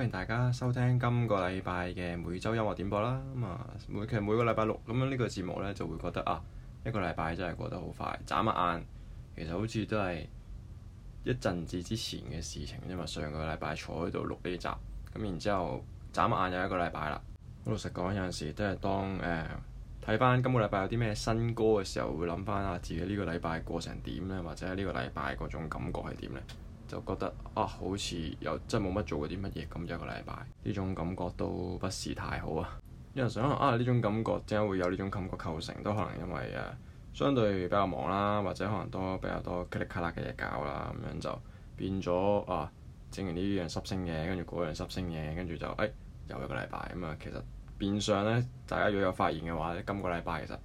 歡迎大家收聽今個禮拜嘅每周音樂點播啦。咁啊，每其實每個禮拜六咁樣呢個節目呢就會覺得啊，一個禮拜真係過得好快，眨一眼，其實好似都係一陣子之前嘅事情。因為上個禮拜坐喺度錄呢集，咁然之後眨一眼又一個禮拜啦。嗯、老實講，有陣時都係當誒睇翻今個禮拜有啲咩新歌嘅時候，會諗翻下自己呢個禮拜過成點呢，或者係呢個禮拜嗰種感覺係點呢。就覺得啊，好似又真係冇乜做過啲乜嘢咁一個禮拜，呢種感覺都不是太好啊。有 人想啊，呢種感覺點解會有呢種感覺構成？都可能因為誒、啊、相對比較忙啦，或者可能多比較多卡力卡力嘅嘢搞啦，咁樣就變咗啊，整完呢樣濕性嘢，跟住嗰樣濕聲嘅，跟住就誒、哎、又一個禮拜咁啊。其實變相咧，大家如果有發現嘅話咧，今個禮拜其實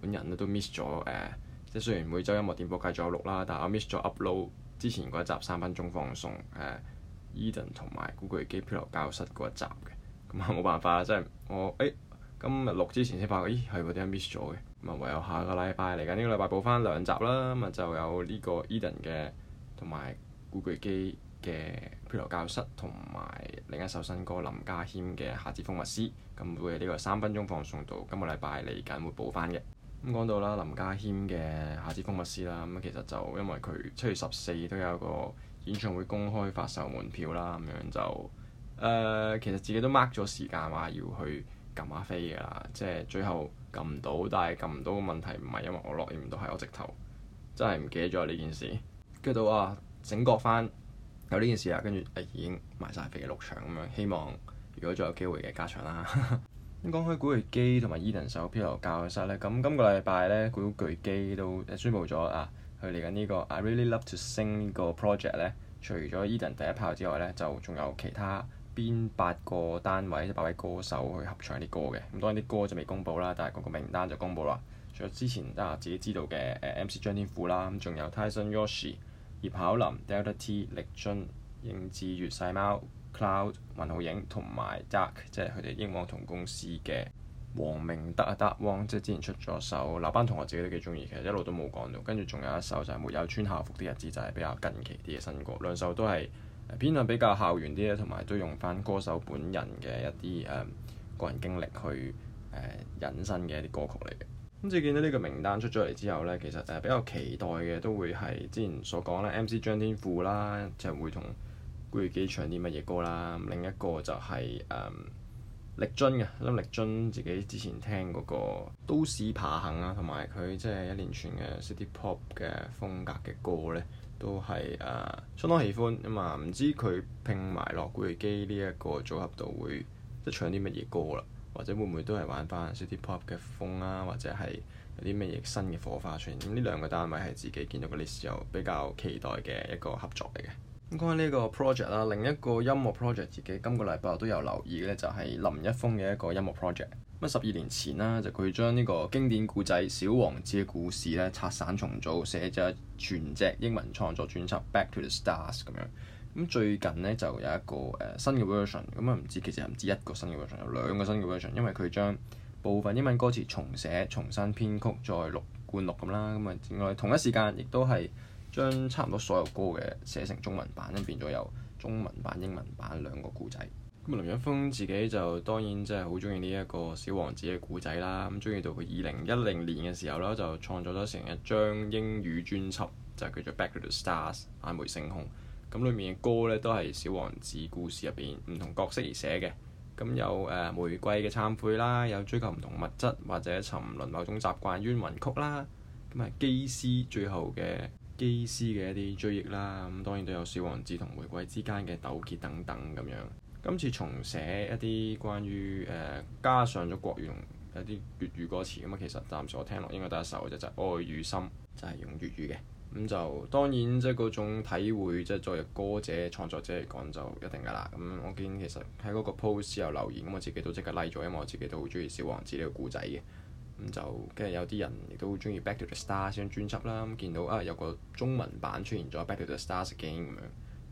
本人咧都 miss 咗誒，即、呃、係雖然每週音樂電播計仲有錄啦，但係我 miss 咗 upload。之前嗰一集三分鐘放送、uh，Eden 同埋古巨基漂流教室嗰一集嘅，咁啊冇辦法啦，即係我誒、欸、今日錄之前先發覺，咦係有啲 miss 咗嘅，咁啊唯有下個禮拜嚟緊，呢個禮拜補翻兩集啦，咁啊就有呢個 Eden 嘅同埋古巨基嘅漂流教室，同埋另一首新歌林家謙嘅夏之風物詩，咁、嗯、會係呢個三分鐘放送到，今個禮拜嚟緊會補翻嘅。咁講到啦，林家謙嘅《夏之風物詩》啦，咁其實就因為佢七月十四都有個演唱會公開發售門票啦，咁樣就誒、呃，其實自己都 mark 咗時間話要去撳下飛嘅啦，即係最後撳唔到，但係撳唔到嘅問題唔係因為我落唔到係我直頭真係唔記得咗呢件事，跟住到啊整覺翻有呢件事啊，跟住、哎、已經埋晒飛嘅六場咁樣，希望如果再有機會嘅加場啦～ 咁講開古巨基同埋 Edan 首《漂流教室》咧，咁今個禮拜咧古巨基都宣布咗啊、這個，佢嚟緊呢個 I Really Love To Sing、這個、呢個 project 咧，除咗 Edan 第一炮之外咧，就仲有其他邊八個單位、八位歌手去合唱啲歌嘅。咁當然啲歌就未公布啦，但係個個名單就公布啦。仲有之前啊自己知道嘅誒 MC 張天賦啦，咁仲有 Tyson Yoshi、葉巧琳、Delta T、李俊、應志月、細貓。Cloud，雲浩影同埋 Dark，即係佢哋英皇同公司嘅黃明德啊，得汪即係之前出咗首《那班同學》，自己都幾中意，其實一路都冇講到。跟住仲有一首就係、是《沒有穿校服的日子》，就係、是、比較近期啲嘅新歌，兩首都係偏向比較校園啲咧，同埋都用翻歌手本人嘅一啲誒、嗯、個人經歷去誒、嗯、引申嘅一啲歌曲嚟嘅。咁自見到呢個名單出咗嚟之後咧，其實誒比較期待嘅都會係之前所講啦 MC 張天賦啦，就係、是、會同。古巨基唱啲乜嘢歌啦？另一個就係、是、誒、嗯、力尊嘅，拎力尊自己之前聽嗰、那個《都市爬行》啦、啊，同埋佢即係一連串嘅 City Pop 嘅風格嘅歌咧，都係誒、呃、相當喜歡咁啊！唔知佢拼埋落古巨基呢一個組合度會即唱啲乜嘢歌啦？或者會唔會都係玩翻 City Pop 嘅風啦、啊？或者係有啲乜嘢新嘅火花出現？咁呢兩個單位係自己見到個 list 又比較期待嘅一個合作嚟嘅。講下呢個 project 啦，另一個音樂 project 自己今個禮拜都有留意嘅咧，就係、是、林一峰嘅一個音樂 project。咁啊，十二年前啦，就佢將呢個經典古仔《小王子》嘅故事咧拆散重組，寫咗全隻英文創作專輯《Back to the Stars》咁樣。咁最近咧就有一個誒、呃、新嘅 version，咁啊唔知其實唔止一個新嘅 version，有兩個新嘅 version，因為佢將部分英文歌詞重寫、重新編曲再錄灌錄咁啦。咁啊，另外同一時間亦都係。將差唔多所有歌嘅寫成中文版，咁變咗有中文版、英文版兩個故仔。咁林一峰自己就當然即係好中意呢一個小王子嘅故仔啦。咁中意到佢二零一零年嘅時候啦，就創作咗成一張英語專輯，就叫做《Back to the Stars》（眼眉星空）。咁裏面嘅歌咧都係小王子故事入邊唔同角色而寫嘅。咁有誒玫瑰嘅懺悔啦，有追求唔同物質或者沉淪某種習慣冤魂曲啦。咁啊，機師最後嘅。基 c 嘅一啲追憶啦，咁當然都有小王子同玫瑰之間嘅糾結等等咁樣。今次重寫一啲關於誒、呃、加上咗國語一啲粵語歌詞咁啊，其實暫時我聽落應該第一首嘅就係、是《愛與心》，就係、是、用粵語嘅。咁就當然即係嗰種體會，即、就、係、是、作為歌者、創作者嚟講就一定噶啦。咁我見其實喺嗰個 post 有留言，咁我自己都即刻 like 咗，因為我自己都好中意小王子呢個故仔嘅。咁、嗯、就跟住有啲人亦都好中意《Back to the Stars》張專輯啦。咁、嗯、見到啊，有個中文版出現咗《Back to the Stars again》咁樣，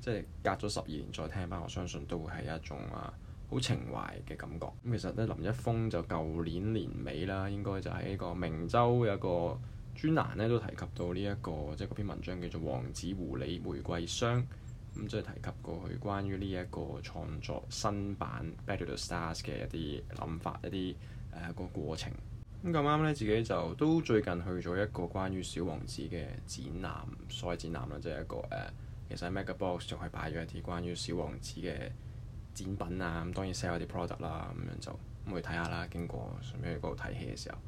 即係隔咗十二年再聽翻，我相信都會係一種啊好情懷嘅感覺。咁、嗯、其實咧，林一峰就舊年年尾啦，應該就喺個明州有一個專欄咧，都提及到呢、這、一個即係嗰篇文章叫做《王子狐狸玫瑰霜》咁，即、嗯、係、就是、提及過去關於呢一個創作新版《Back to the Stars》嘅一啲諗法、一啲誒、啊那個過程。咁咁啱咧，自己就都最近去咗一個關於小王子嘅展覽，所謂展覽啦，即、就、係、是、一個誒、呃，其實 m a c a b o x 就係擺咗一啲關於小王子嘅展品啊。咁當然 sell 啲 product 啦、啊，咁樣就咁、嗯、去睇下啦。經過順便去嗰度睇戲嘅時候，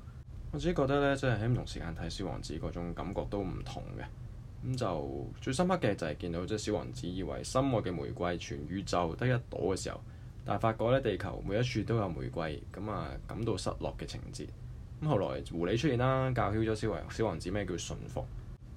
我自己覺得咧，即係喺唔同時間睇小王子嗰種感覺都唔同嘅。咁、嗯、就最深刻嘅就係見到即係小王子以為心愛嘅玫瑰全宇宙得一朵嘅時候，但係發覺咧，地球每一處都有玫瑰，咁啊感到失落嘅情節。咁後來狐狸出現啦，教曉咗小王小王子咩叫馴服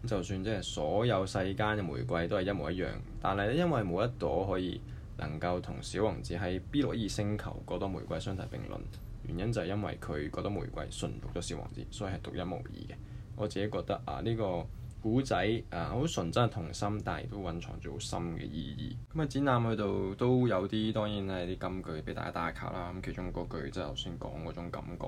咁，就算即係所有世間嘅玫瑰都係一模一樣，但係咧因為冇一朵可以能夠同小王子喺 B 六一二星球嗰朵玫瑰相提並論，原因就係因為佢嗰朵玫瑰馴服咗小王子，所以係獨一無二嘅。我自己覺得啊，呢、這個古仔啊好純真嘅童心，但係都藴藏住好深嘅意義。咁啊，展覽去度都有啲當然係啲金句俾大家打卡啦。咁其中嗰句即係頭先講嗰種感覺，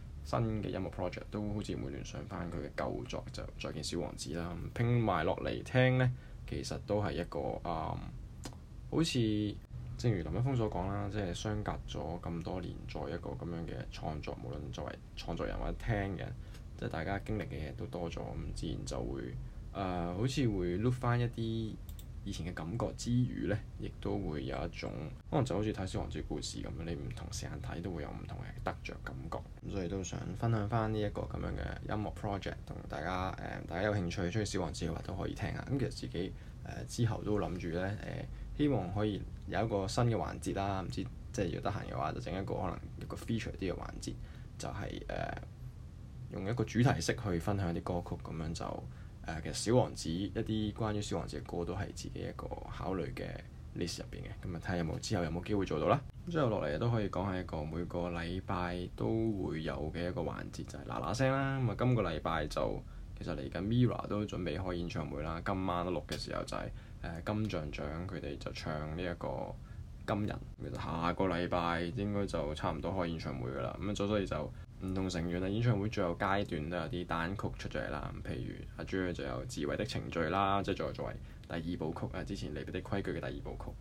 新嘅音樂 project 都好似會聯想翻佢嘅舊作，就《再見小王子》啦，拼埋落嚟聽呢，其實都係一個啊、嗯，好似正如林一峰所講啦，即係相隔咗咁多年，再一個咁樣嘅創作，無論作為創作人或者聽嘅，即係大家經歷嘅嘢都多咗，咁自然就會誒、嗯，好似會 look 翻一啲。以前嘅感覺之餘呢，亦都會有一種，可能就好似睇小王子故事咁樣，你唔同時間睇都會有唔同嘅得着感覺。咁所以都想分享翻呢一個咁樣嘅音樂 project，同大家誒、呃，大家有興趣中意小王子嘅話都可以聽下。咁其實自己、呃、之後都諗住呢，誒、呃，希望可以有一個新嘅環節啦。唔知即係要得閒嘅話，就整一個可能一個 feature 啲嘅環節，就係、是、誒、呃、用一個主題式去分享啲歌曲咁樣就。其實小王子一啲關於小王子嘅歌都係自己一個考慮嘅 list 入邊嘅，咁啊，睇下有冇之後有冇機會做到啦。咁之後落嚟都可以講下一個每個禮拜都會有嘅一個環節，就係嗱嗱聲啦。咁、嗯、啊，今個禮拜就其實嚟緊 Mira 都準備開演唱會啦，今晚錄嘅時候就係誒金像獎佢哋就唱呢一個金人。其實下個禮拜應該就差唔多開演唱會㗎喇。咁、嗯、啊，咁所以就～唔同成員啊，演唱會最後階段都有啲單曲出咗嚟啦。譬如阿 Jer 就有《自毀的程序》啦，即係作為第二部曲啊，之前《離別的規矩》嘅第二部曲。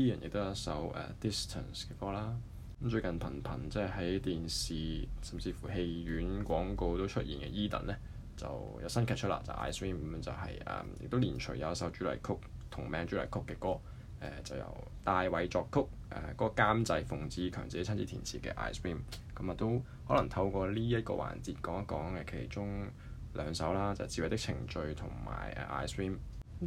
Ian 亦都有一首誒《Distance》嘅歌啦。咁最近頻頻即係喺電視甚至乎戲院廣告都出現嘅 Edan 咧，就有新劇出啦，就是、I SWIM 咁就係誒亦都連隨有一首主題曲同名主題曲嘅歌。誒、呃、就由大偉作曲，誒、呃那個監製馮志強自己親自填詞嘅《I SWIM》咁啊，都可能透過呢一個環節講一講嘅其中兩首啦，就係《自毀的程序》同埋《誒 I SWIM》。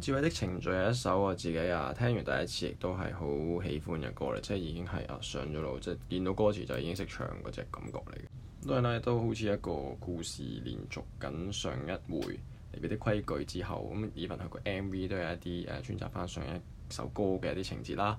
《自毀的程序》係一首我自己啊聽完第一次亦都係好喜歡嘅歌嚟，即係已經係啊上咗腦，即係見到歌詞就已經識唱嗰隻感覺嚟。咁另外都好似一個故事連續緊上一回裏面的規矩之後，咁以份佢個 M V 都有一啲誒彙集翻上一首歌嘅一啲情節啦，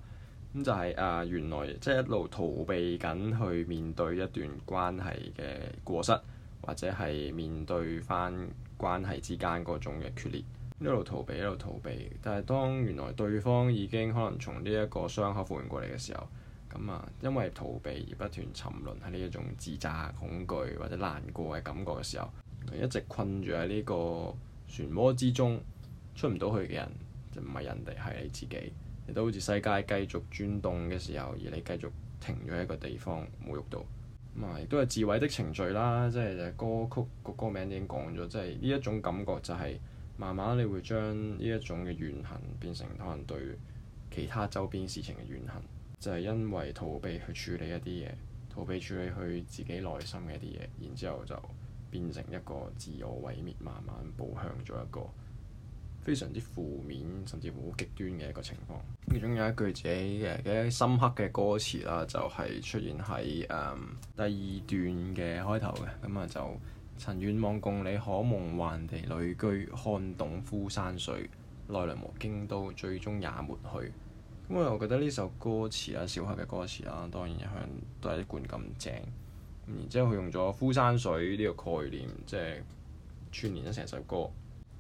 咁就係、是、啊，原來即係、就是、一路逃避緊去面對一段關係嘅過失，或者係面對翻關係之間嗰種嘅決裂，一路逃避，一路逃避。但係當原來對方已經可能從呢一個傷口復原過嚟嘅時候，咁啊，因為逃避而不斷沉淪喺呢一種自責恐懼或者難過嘅感覺嘅時候，一直困住喺呢個漩渦之中出唔到去嘅人。就唔係人哋，係你自己。亦都好似世界繼續轉動嘅時候，而你繼續停咗喺一個地方冇喐到。咁啊，亦都係自毀的程序啦。即係歌曲個歌名已經講咗，即係呢一種感覺就係慢慢你會將呢一種嘅怨恨變成可能對其他周邊事情嘅怨恨，就係因為逃避去處理一啲嘢，逃避處理去自己內心嘅一啲嘢，然之後就變成一個自我毀滅慢慢步向咗一個。非常之負面，甚至好極端嘅一個情況。其中有一句自己嘅嘅深刻嘅歌詞啦，就係、是、出現喺誒、嗯、第二段嘅開頭嘅。咁啊，就曾 願望共你可夢幻地旅居，看懂枯山水，奈良莫京都，最終也沒去。咁啊，我覺得呢首歌詞啦，小克嘅歌詞啦，當然一向都係一貫咁正。然之後，佢用咗枯山水呢個概念，即係串連咗成首歌。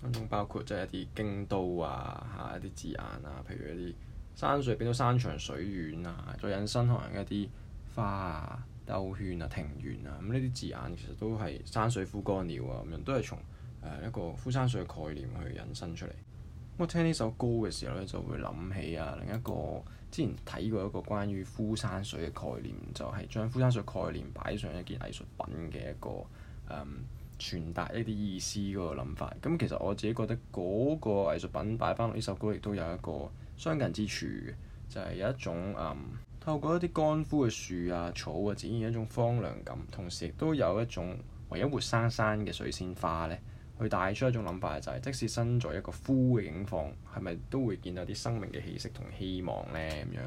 分中包括即係一啲京都啊嚇一啲字眼啊，譬如一啲山水變到山長水遠啊，再引申可能一啲花啊、兜圈啊、庭園啊，咁呢啲字眼其實都係山水枯乾了啊咁樣，都係從誒、呃、一個枯山水嘅概念去引申出嚟。我聽呢首歌嘅時候咧，就會諗起啊另一個之前睇過一個關於枯山水嘅概念，就係、是、將枯山水概念擺上一件藝術品嘅一個誒。嗯傳達一啲意思個諗法，咁其實我自己覺得嗰個藝術品擺翻落呢首歌，亦都有一個相近之處嘅，就係、是、有一種嗯透過一啲乾枯嘅樹啊、草啊，展現一種荒涼感，同時亦都有一種唯一活生生嘅水仙花呢去帶出一種諗法，就係、是、即使身在一個枯嘅境況，係咪都會見到啲生命嘅氣息同希望呢？咁樣。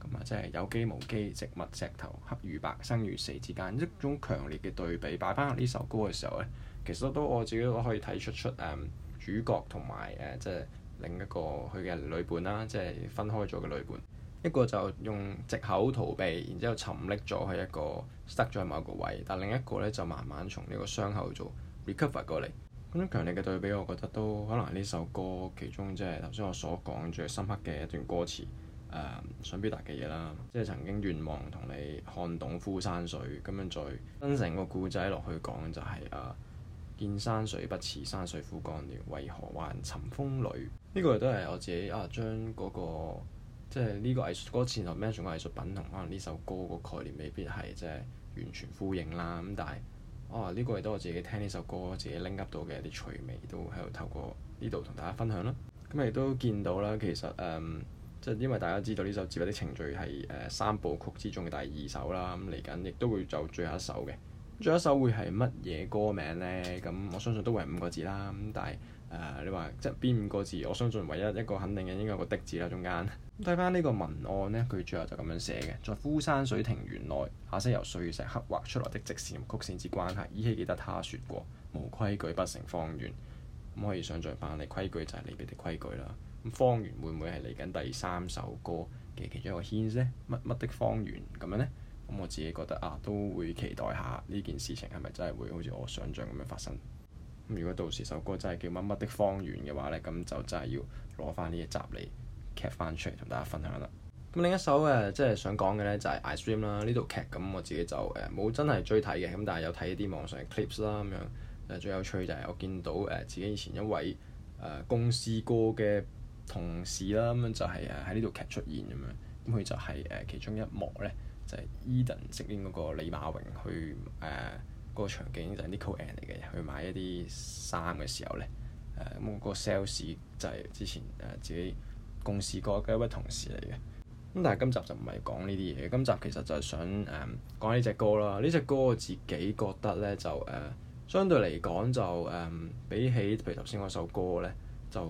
咁啊、嗯，即係有機無機、植物石頭黑與白、生與死之間一種強烈嘅對比，擺翻喺呢首歌嘅時候咧，其實都我自己都可以睇出出誒、嗯、主角同埋誒即係另一個佢嘅女伴啦，即係分開咗嘅女伴，一個就用藉口逃避，然之後沉溺咗喺一個塞咗某個位，但另一個呢，就慢慢從呢個傷口做 recover 過嚟，嗰種強烈嘅對比，我覺得都可能係呢首歌其中即係頭先我所講最深刻嘅一段歌詞。嗯、想表達嘅嘢啦，即係曾經願望同你看懂枯山水，咁樣再分成個故仔落去講、就是，就係誒見山水不似山水枯乾亂，為何還尋風旅？呢、這個亦都係我自己啊，將嗰、那個即係呢個藝術歌詞同 mention 個藝術品同可能呢首歌個概念未必係即係完全呼應啦。咁但係哦，呢、啊這個亦都我自己聽呢首歌，自己拎到嘅一啲趣味都喺度透過呢度同大家分享啦。咁、嗯、亦都見到啦，其實誒。嗯即係因為大家知道呢首《自毀的程序》係、呃、誒三部曲之中嘅第二首啦，咁嚟緊亦都會就最後一首嘅最後一首會係乜嘢歌名呢？咁我相信都會係五個字啦。咁但係誒、呃、你話即係邊五個字？我相信唯一一個肯定嘅應該有個的字啦，中間。睇翻呢個文案呢，佢最後就咁樣寫嘅，在枯山水庭園內，下山由碎石刻畫出來的直線同曲線之關係，依稀記得他說過，無規矩不成方圓。咁可以想象翻，你規矩就係你邊的規矩啦。咁方圓會唔會係嚟緊第三首歌嘅其中一個 hint 咧？乜乜的方圓咁樣呢？咁我自己覺得啊，都會期待下呢件事情係咪真係會好似我想象咁樣發生？如果到時首歌真係叫乜乜的方圓嘅話呢，咁就真係要攞翻呢一集嚟劇翻出嚟同大家分享啦。咁另一首誒、啊、即係想講嘅呢就係《I Swim》啦，呢套劇咁我自己就誒冇、啊、真係追睇嘅，咁但係有睇啲網上嘅 clips 啦咁樣、啊。最有趣就係我見到誒、啊、自己以前一位誒、啊、公司哥嘅。同事啦，咁就係誒喺呢度劇出現咁樣，咁佢就係誒其中一幕咧，就係、是、Edan 飾演嗰個李馬榮去誒嗰、呃那個場景就係 Nico Ann 嚟嘅，去買一啲衫嘅時候咧，誒、呃、咁、那個 sales 就係之前誒自己共事過嘅一位同事嚟嘅。咁但係今集就唔係講呢啲嘢，今集其實就係想誒、呃、講呢隻歌啦。呢隻歌我自己覺得咧就誒、呃、相對嚟講就誒、呃、比起譬如頭先嗰首歌咧就，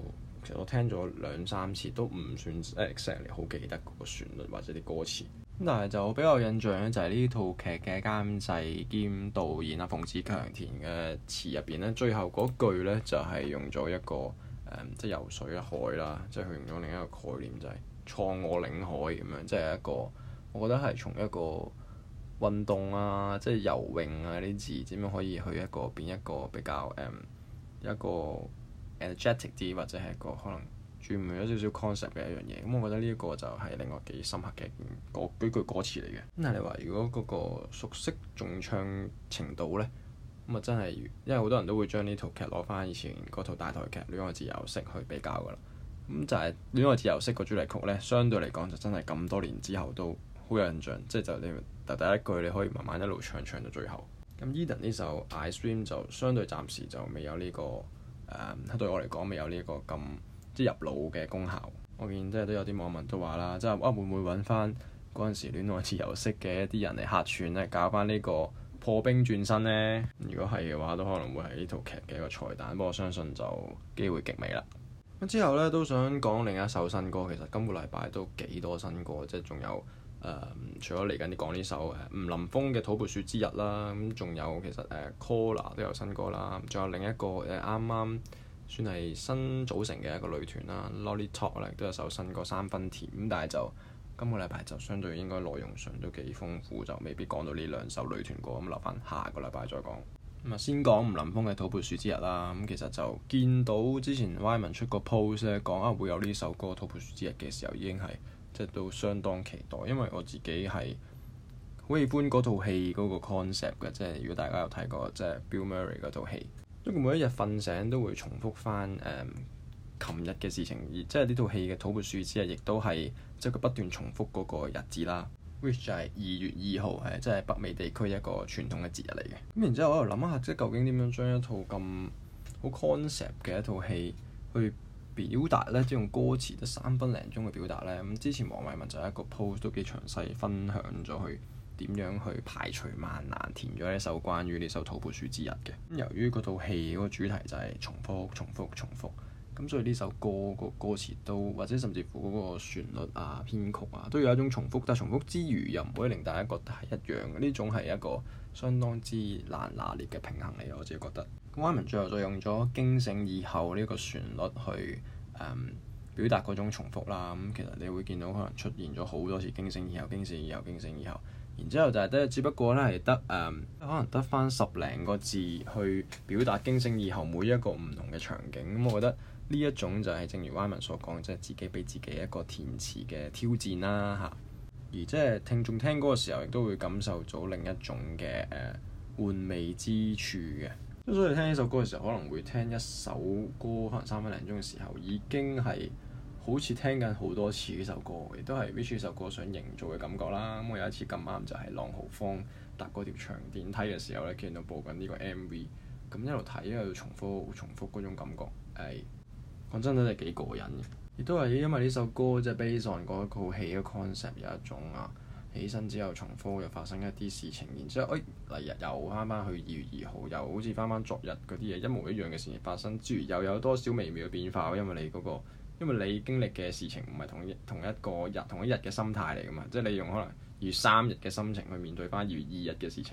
其實我聽咗兩三次都唔算 exactly 好記得嗰個旋律或者啲歌詞。但係就比較印象咧，就係呢套劇嘅監製兼導演啊，馮子強填嘅詞入邊咧，最後嗰句咧就係、是、用咗一個誒，即、嗯、係、就是、游水一海啦，即、就、係、是、用咗另一個概念，就係、是、創我領海咁樣，即、就、係、是、一個我覺得係從一個運動啊，即、就、係、是、游泳啊呢啲字，點樣可以去一個變一個比較誒、嗯、一個。energetic 啲或者係一個可能專門有少少 concept 嘅一樣嘢，咁我覺得呢一個就係另外幾深刻嘅個幾句歌詞嚟嘅。咁但係你話如果嗰個熟悉重唱程度咧，咁啊真係因為好多人都會將呢套劇攞翻以前嗰套大台劇《戀愛自由式》去比較噶啦。咁就係《戀愛自由式》個主題曲咧，相對嚟講就真係咁多年之後都好有印象，即係就你、是、第第一句你可以慢慢一路唱唱到最後。咁 Edan 呢首《I SWIM》就相對暫時就未有呢、這個。誒、um, 對我嚟講未有呢一個咁即係入腦嘅功效，我見即係都有啲網民都話啦，即係哇會唔會揾翻嗰陣時戀愛自由式嘅一啲人嚟客串呢？搞翻呢個破冰轉身呢？如果係嘅話，都可能會係呢套劇嘅一個彩蛋，不過我相信就機會極微啦。咁、啊、之後呢，都想講另一首新歌，其實今個禮拜都幾多新歌，即係仲有。誒、嗯，除咗嚟緊啲講呢首誒、啊、吳林峰嘅《土撥鼠之日》啦，咁、嗯、仲有其實誒 Kola、啊、都有新歌啦，仲有另一個誒啱啱算係新組成嘅一個女團啦，Lolly Talk 咧都有首新歌《三分甜》，咁、嗯、但係就今個禮拜就相對應該內容上都幾豐富，就未必講到呢兩首女團歌，咁留翻下個禮拜再講。咁啊、嗯，先講吳林峰嘅《土撥鼠之日》啦，咁、嗯、其實就見到之前 Wyman 出個 post 咧講啊會有呢首歌《土撥鼠之日》嘅時候已經係。即係都相當期待，因為我自己係好喜歡嗰套戲嗰個 concept 嘅。即係如果大家有睇過，即係 Bill Murray 嗰套戲，因為每一日瞓醒都會重複翻誒琴日嘅事情，而即係呢套戲嘅《土撥鼠之日》亦都係即係佢不斷重複嗰個日子啦。Which 就係二月二號，係即係北美地區一個傳統嘅節日嚟嘅。咁然之後，我又諗下，即係究竟點樣將一套咁好 concept 嘅一套戲去？表達呢，即用歌詞得三分零鐘嘅表達呢。咁之前黃偉文就有一個 post 都幾詳細分享咗，去點樣去排除萬難填咗呢首關於呢首《土撥鼠之日》嘅。由於嗰套戲嗰個主題就係重複、重複、重複，咁所以呢首歌個歌詞都或者甚至乎嗰個旋律啊、編曲啊，都有一種重複。但係重複之餘又唔可以令大家覺得係一樣嘅呢種係一個。相當之難拿捏嘅平衡嚟，我自己覺得。咁 Wyman 最後再用咗驚醒以後呢、這個旋律去、嗯、表達嗰種重複啦。咁、嗯、其實你會見到可能出現咗好多次驚醒以後、驚醒以後、驚醒以後，驚醒以後然之後就係、是、得只不過咧係得誒、嗯，可能得翻十零個字去表達驚醒以後每一個唔同嘅場景。咁、嗯、我覺得呢一種就係正如 Wyman 所講，即、就、係、是、自己俾自己一個填詞嘅挑戰啦，嚇。而即係聽眾聽歌嘅時候，亦都會感受到另一種嘅誒、呃、玩味之處嘅。咁所以聽呢首歌嘅時候，可能會聽一首歌，可能三分零鐘嘅時候，已經係好似聽緊好多次呢首歌，亦都係 wish 呢首歌想營造嘅感覺啦。咁、嗯、我有一次咁啱就係朗豪坊搭嗰條長電梯嘅時候咧，見到播緊呢個 MV，咁一路睇一路重複重複嗰種感覺，誒、哎、講真都係幾過癮嘅。亦都係因為呢首歌即係，based on 嗰套戲嘅 concept 有一種啊，起身之後重複又發生一啲事情，然之後誒嚟、哎、日又翻翻去二月二號，又好似翻翻昨日嗰啲嘢一模一樣嘅事情發生，之餘又有多少微妙嘅變化？因為你嗰、那個，因為你經歷嘅事情唔係同一同一個日同一日嘅心態嚟噶嘛，即係你用可能二月三日嘅心情去面對翻二月二日嘅事情，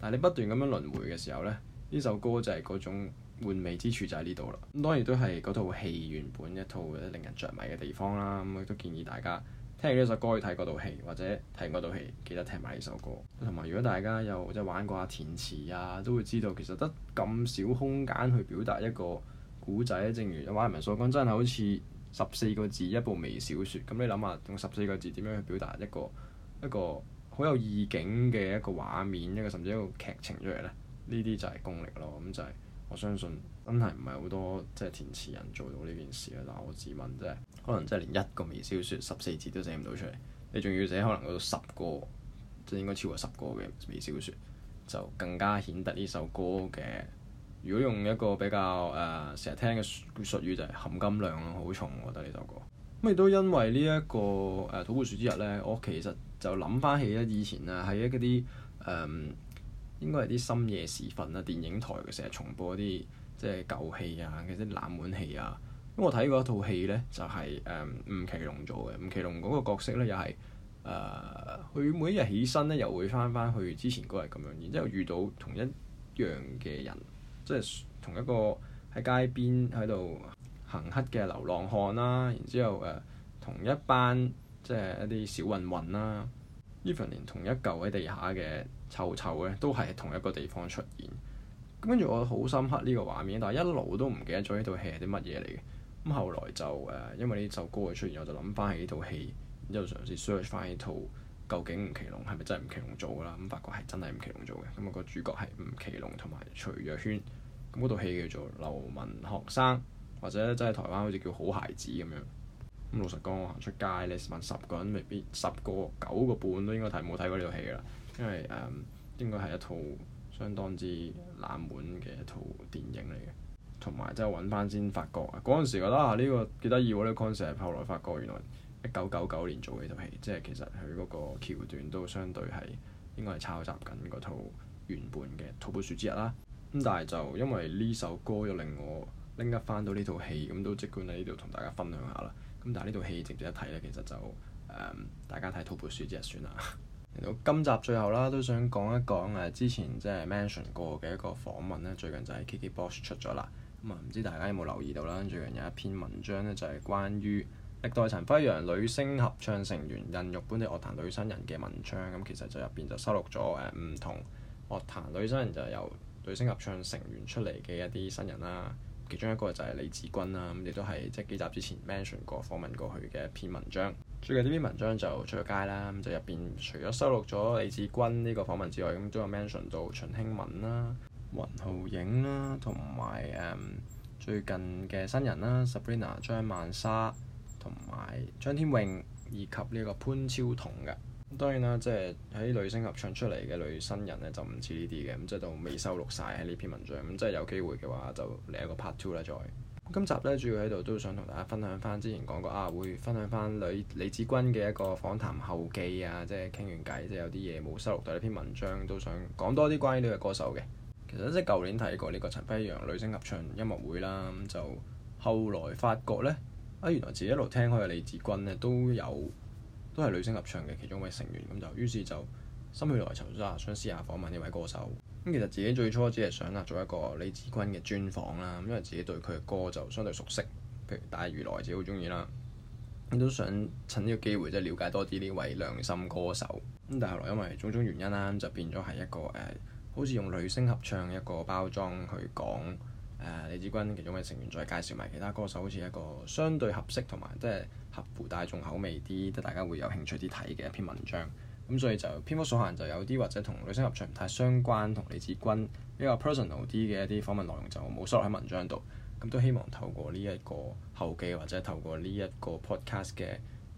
但係你不斷咁樣輪迴嘅時候呢，呢首歌就係嗰種。換味之處就喺呢度啦。咁當然都係嗰套戲原本一套令人着迷嘅地方啦。我都建議大家聽呢首歌去睇嗰套戲，或者睇嗰套戲記得聽埋呢首歌。同埋，如果大家有即係玩過啊填詞啊，都會知道其實得咁少空間去表達一個古仔。正如 Wyman 所講，真係好似十四個字一部微小說。咁你諗下，用十四個字點樣去表達一個一個好有意境嘅一個畫面，一個甚至一個劇情出嚟呢？呢啲就係功力咯。咁就係、是。我相信真係唔係好多即係填詞人做到呢件事啊！但我自問即係，可能即係連一個微小說十四字都寫唔到出嚟，你仲要寫可能到十個，即係應該超過十個嘅微小說，就更加顯得呢首歌嘅。如果用一個比較誒成日聽嘅術語就係、是、含金量好重，我覺得呢首歌。咁亦都因為呢、這、一個誒、呃、土撥鼠之日呢，我其實就諗翻起咧以前啊，喺一嗰啲誒。嗯應該係啲深夜時分啦，電影台成日重播啲即係舊戲啊，嗰啲冷門戲啊。咁我睇過一套戲呢，就係、是、誒、呃、吳奇隆做嘅。吳奇隆嗰個角色呢，又係誒佢每日起身呢，又會翻翻去之前嗰日咁樣。然之後遇到同一樣嘅人，即係同一個喺街邊喺度行乞嘅流浪漢啦。然之後誒、呃、同一班即係一啲小混混啦。even 呢份連同一嚿喺地下嘅。臭臭咧，都係同一個地方出現。咁跟住我好深刻呢個畫面，但係一路都唔記得咗呢套戲係啲乜嘢嚟嘅。咁後來就誒，因為呢首歌嘅出現，我就諗翻起呢套戲，然之後嘗試 search 翻呢套究竟吳奇隆係咪真係吳奇隆做㗎啦？咁發覺係真係吳奇隆做嘅。咁、嗰個主角係吳奇隆同埋徐若瑄。咁嗰套戲叫做《流民學生》，或者即係台灣好似叫《好孩子》咁樣。咁老實講，我行出街你問十個人，未必十個九個半都應該睇冇睇過呢套戲㗎啦。因為誒、嗯、應該係一套相當之冷門嘅一套電影嚟嘅，同埋即係揾翻先發覺，嗰陣時覺得啊呢、呢個幾得意喎呢個 concept，後來發覺原來一九九九年做嘅套戲，即係其實佢嗰個橋段都相對係應該係抄襲緊嗰套原本嘅《土撥鼠之日》啦。咁但係就因為呢首歌又令我拎一翻到呢套戲，咁都即管喺呢度同大家分享下啦。咁但係呢套戲值唔值得睇咧？其實就誒、嗯、大家睇《土撥鼠之日》算啦。今集最後啦，都想講一講誒、啊、之前即係 mention 過嘅一個訪問咧，最近就係 KKBOX 出咗啦。咁、嗯、啊，唔知大家有冇留意到啦？最近有一篇文章呢，就係關於歷代陳輝陽女聲合唱成員孕育本地樂壇女新人嘅文章。咁、嗯、其實就入邊就收錄咗誒唔同樂壇女新人，就由女聲合唱成員出嚟嘅一啲新人啦。其中一個就係李芷君啦，咁亦都係即係幾集之前 mention 過訪問過去嘅一篇文章。最近呢篇文章就出咗街啦，咁就入邊除咗收錄咗李芷君呢個訪問之外，咁都有 mention 到秦興文啦、雲浩影啦，同埋誒最近嘅新人啦，Sabrina、Sab rina，張曼莎，同埋張天穎以及呢個潘超彤嘅。當然啦，即係喺女星合唱女聲合唱出嚟嘅女新人咧，就唔似呢啲嘅，咁即係都未收錄晒喺呢篇文章，咁即係有機會嘅話就嚟一個 part two 啦，再。今集咧，主要喺度都想同大家分享翻之前講過啊，會分享翻李李芷君嘅一個訪談後記啊，即係傾完偈，即係有啲嘢冇收錄到，但呢篇文章都想講多啲關於呢個歌手嘅。其實即係舊年睇過呢個陳輝陽女聲合唱音樂會啦，咁就後來發覺呢，啊，原來自己一路聽開嘅李芷君咧都有都係女聲合唱嘅其中一位成員，咁就於是就。心血來潮想私下訪問呢位歌手。咁其實自己最初只係想啊做一個李芷君嘅專訪啦，因為自己對佢嘅歌就相對熟悉，譬如大魚來者好中意啦。都想趁呢個機會即係了解多啲呢位良心歌手。咁但係後來因為種種原因啦，就變咗係一個誒、呃，好似用女聲合唱一個包裝去講誒、呃、李芷君其中嘅成員，再介紹埋其他歌手，好似一個相對合適同埋即係合乎大眾口味啲，即大家會有興趣啲睇嘅一篇文章。咁、嗯、所以就篇幅所限，就有啲或者同女性合唱唔太相關，同李芷君比較 personal 啲嘅一啲訪問內容就冇收落喺文章度。咁、嗯、都希望透過呢一個後記或者透過呢一個 podcast 嘅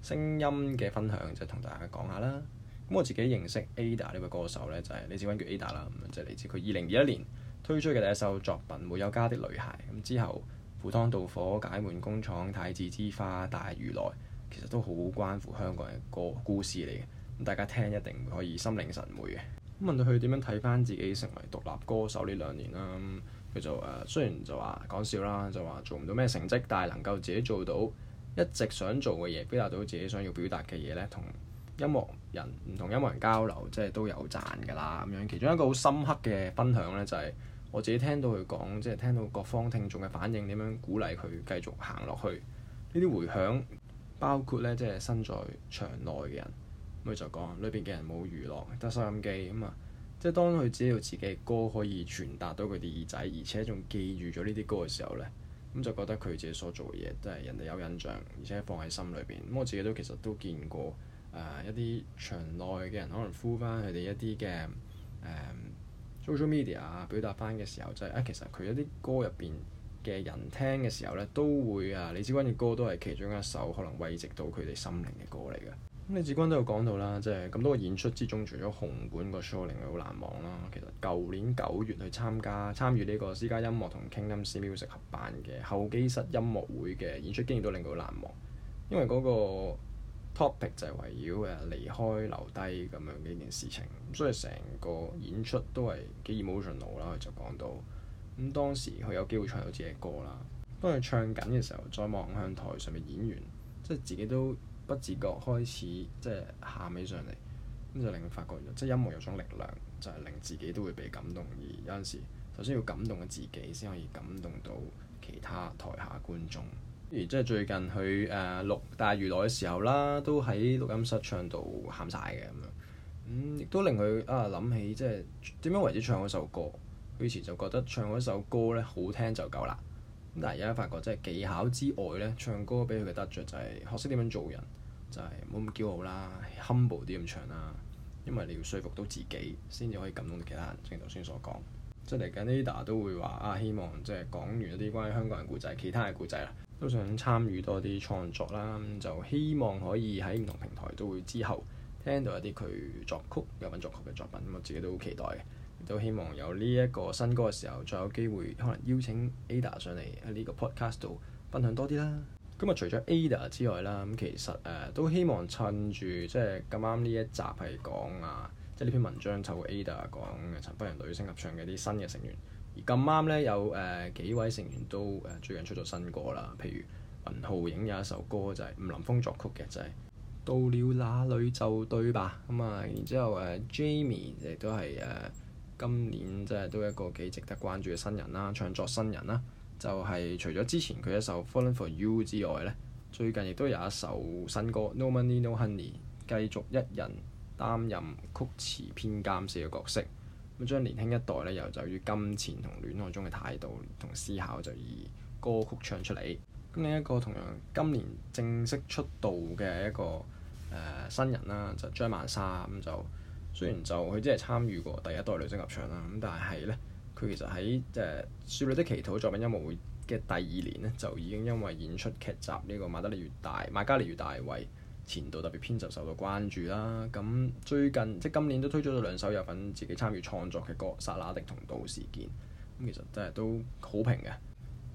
聲音嘅分享，就同大家講下啦。咁、嗯、我自己認識 Ada 呢位歌手咧，就係、是、李芷君叫 Ada 啦，咁即係嚟自佢二零二一年推出嘅第一首作品《沒有家的女孩》。咁、嗯、之後赴湯蹈火》解《解悶工廠太子之花》大《大魚來其實都好關乎香港嘅歌故事嚟嘅。大家聽一定可以心領神會嘅。咁問到佢點樣睇返自己成為獨立歌手呢兩年啦，佢就誒、呃、雖然就話講笑啦，就話做唔到咩成績，但係能夠自己做到一直想做嘅嘢，表達到自己想要表達嘅嘢呢，同音樂人唔同音樂人交流，即係都有賺㗎啦。咁樣其中一個好深刻嘅分享呢，就係我自己聽到佢講，即係聽到各方聽眾嘅反應點樣鼓勵佢繼續行落去呢啲回響，包括呢，即係身在場內嘅人。佢就講裏邊嘅人冇娛樂，得收音機咁啊、嗯！即係當佢知道自己嘅歌可以傳達到佢哋耳仔，而且仲記住咗呢啲歌嘅時候呢，咁、嗯、就覺得佢自己所做嘅嘢都係人哋有印象，而且放喺心裏邊。咁、嗯、我自己都其實都見過、呃、一啲場內嘅人可能呼翻佢哋一啲嘅 social media 啊，表達翻嘅時候就係、是、啊，其實佢一啲歌入邊嘅人聽嘅時候呢，都會啊李芷君嘅歌都係其中一首可能慰藉到佢哋心靈嘅歌嚟嘅。咁李芷君都有講到啦，即係咁多個演出之中，除咗紅館個 show 令佢好難忘啦。其實舊年九月去參加參與呢個私家音樂同 Kingdoms Music 合辦嘅候機室音樂會嘅演出經驗都令佢好難忘，因為嗰個 topic 就係圍繞誒離開留低咁樣嘅一件事情，所以成個演出都係幾 emotional 啦。就講到咁當時佢有機會唱到自己嘅歌啦，當佢唱緊嘅時候，再望向台上面演員，即係自己都。不自覺開始即係喊起上嚟，咁就令佢發覺咗，即係音樂有種力量，就係、是、令自己都會被感動。而有陣時，首先要感動緊自己，先可以感動到其他台下觀眾。而即係最近佢誒、呃、錄《大娛樂》嘅時候啦，都喺錄音室唱到喊晒嘅咁樣，咁、嗯、亦都令佢啊諗起即係點樣為之唱嗰首歌。佢以前就覺得唱嗰首歌咧好聽就夠啦。但係而家發覺，即係技巧之外咧，唱歌俾佢嘅得着就係學識點樣做人，就係冇咁驕傲啦，humble 啲咁唱啦，因為你要說服到自己，先至可以感動到其他人。正如頭先所講， 即係嚟緊 Ada 都會話啊，希望即係講完一啲關於香港人故仔，其他嘅故仔啦，都想參與多啲創作啦，就希望可以喺唔同平台都會之後聽到一啲佢作曲有份作曲嘅作品。咁我自己都好期待嘅。都希望有呢一個新歌嘅時候，再有機會可能邀請 Ada 上嚟喺呢個 podcast 度分享多啲啦。咁啊、嗯，除咗 Ada 之外啦，咁其實誒、呃、都希望趁住即係咁啱呢一集係講啊，即係呢篇文章就 Ada 講陳輝陽女聲合唱嘅啲新嘅成員。而咁啱咧有誒、呃、幾位成員都誒最近出咗新歌啦，譬如雲浩影有一首歌就係、是、吳林峯作曲嘅，就係、是、到了哪裏就對吧。咁、嗯、啊，然之後誒、啊、Jamie 亦都係誒。啊啊今年即係都一個幾值得關注嘅新人啦，唱作新人啦，就係除咗之前佢一首《Fallin' for You》之外呢，最近亦都有一首新歌《No Money No Honey》，繼續一人擔任曲詞編監寫嘅角色，咁將年輕一代呢，又就於金錢同戀愛中嘅態度同思考就以歌曲唱出嚟。咁另一個同樣今年正式出道嘅一個誒新人啦，就張曼莎咁就。雖然就佢只係參與過第一代女聲合唱啦，咁但係呢，佢其實喺誒呃《少女的祈禱》作品音樂會嘅第二年呢，就已經因為演出劇集呢、這個《瑪德里與大》《瑪嘉烈與大衛》前度特別編集受到關注啦。咁最近即今年都推出咗兩首有份自己參與創作嘅歌《撒拉迪》同《到時見》，咁其實真係都好評嘅。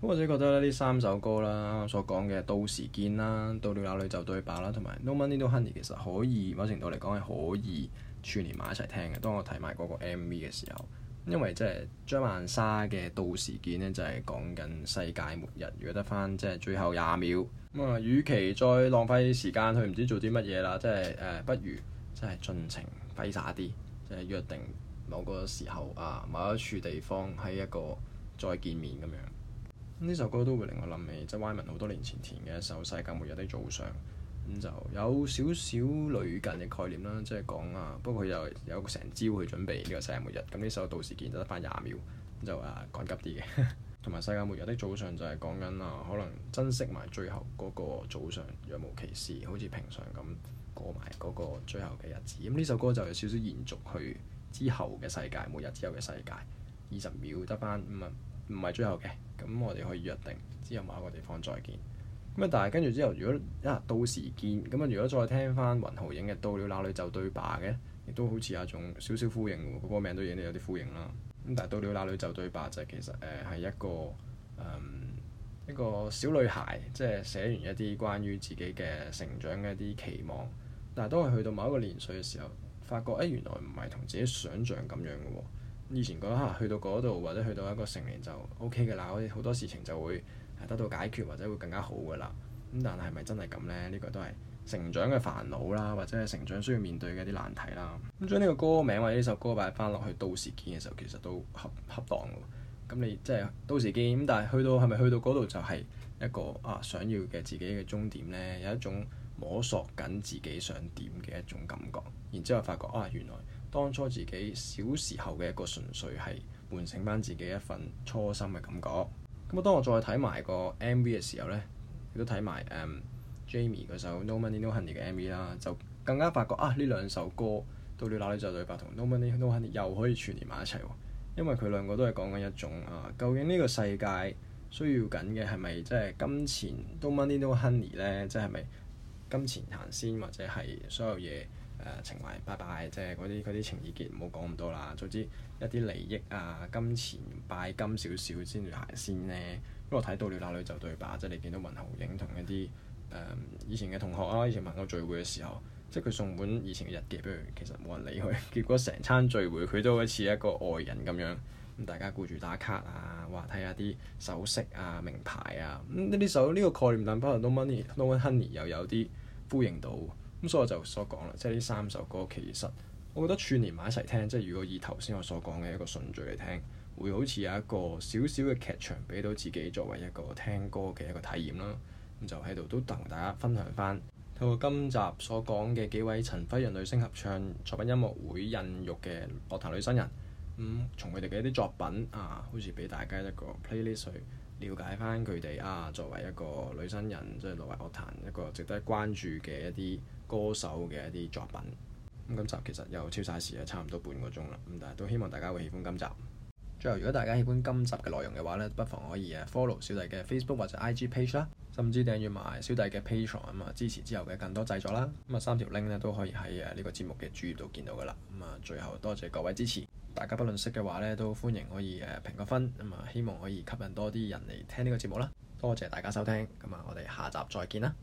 咁或者覺得呢三首歌啦，所講嘅《到時見》啦，《到了哪裏就對白》啦，同埋《No Money No Honey》其實可以某程度嚟講係可以。串連埋一齊聽嘅，當我睇埋嗰個 M V 嘅時候，因為即係張曼莎嘅《到時見》呢，就係講緊世界末日，如果得翻即係最後廿秒，咁啊，與其再浪費時間去唔知做啲乜嘢啦，即係誒，不如即係盡情揮灑啲，即係約定某個時候啊，某一處地方喺一個再見面咁樣。呢首歌都會令我諗起即係 Wyman 好多年前填嘅一首《世界末日的早上》。咁就有少少類近嘅概念啦，即係講啊，不過佢又有成朝去準備呢個世界末日，咁呢首到時見得翻廿秒，就誒、啊、趕急啲嘅。同 埋世界末日的早上就係講緊啊，可能珍惜埋最後嗰個早上，若無其事，好似平常咁過埋嗰個最後嘅日子。咁呢首歌就有少少延續去之後嘅世界，末日之後嘅世界，二十秒得翻，唔啊唔係最後嘅，咁我哋可以約定之後某一個地方再見。咁啊！但係跟住之後，如果啊到時見咁啊、嗯，如果再聽翻雲浩影嘅《到了哪裏就對白》嘅，亦都好似有一種少少呼應，個、那個名都影得有啲呼應啦。咁但係《到了哪裏就對白》就其實誒係、呃、一個嗯一個小女孩，即係寫完一啲關於自己嘅成長嘅一啲期望。但係當佢去到某一個年歲嘅時候，發覺誒、欸、原來唔係同自己想象咁樣嘅喎。以前覺得、啊、去到嗰度或者去到一個成年就 O K 嘅啦，好似好多事情就會。得到解決或者會更加好嘅啦，咁但係咪真係咁呢？呢個都係成長嘅煩惱啦，或者係成長需要面對嘅一啲難題啦。咁將呢個歌名或者呢首歌擺翻落去，到時見嘅時候其實都恰恰當嘅。咁你即係到時見，但係去到係咪去到嗰度就係一個啊想要嘅自己嘅終點呢，有一種摸索緊自己想點嘅一種感覺，然之後發覺啊，原來當初自己小時候嘅一個純粹係喚醒翻自己一份初心嘅感覺。咁啊！當我再睇埋個 MV 嘅時候呢，亦都睇埋 Jamie 嗰首《No Money No Honey》嘅 MV 啦，就更加發覺啊！呢兩首歌到了哪裏就對白，同《No Money No Honey》又可以串連埋一齊喎。因為佢兩個都係講緊一種啊，究竟呢個世界需要緊嘅係咪即係金錢？《No Money No Honey》咧，即係咪金錢行先，或者係所有嘢？呃、情懷，拜拜，即係嗰啲啲情意結，唔好講咁多啦。總之一啲利益啊、金錢拜金少少先嚟行先呢。不過睇到了那裏就對吧？即係你見到雲浩影同一啲、嗯、以前嘅同學啊，以前文我聚會嘅時候，即係佢送本以前嘅日記，俾佢其實冇人理佢。結果成餐聚會佢都好似一個外人咁樣，咁大家顧住打卡啊，話睇下啲首飾啊、名牌啊。咁呢啲首呢個概念，但可能括到 No Money No Honey 又有啲呼應到。咁所以我就所講啦，即係呢三首歌其實我覺得串連埋一齊聽，即係如果以頭先我所講嘅一個順序嚟聽，會好似有一個少少嘅劇場，俾到自己作為一個聽歌嘅一個體驗啦。咁就喺度都同大家分享翻，透過今集所講嘅幾位陳輝陽女聲合唱作品音樂會孕育嘅樂壇女新人，咁、嗯、從佢哋嘅一啲作品啊，好似俾大家一個 playlist。了解翻佢哋啊，作為一個女新人，即係作為樂壇一個值得關注嘅一啲歌手嘅一啲作品。咁今集其實又超晒時啊，差唔多半個鐘啦。咁但係都希望大家會喜歡今集。最後，如果大家喜歡今集嘅內容嘅話呢，不妨可以 follow 小弟嘅 Facebook 或者 IG page 啦，甚至訂閱埋小弟嘅 Patreon 啊，支持之後嘅更多製作啦。咁啊三條 link 咧都可以喺啊呢個節目嘅主頁度見到噶啦。咁啊最後多謝各位支持。大家不吝惜嘅話咧，都歡迎可以誒評個分咁啊，希望可以吸引多啲人嚟聽呢個節目啦。多謝大家收聽，咁啊，我哋下集再見啦。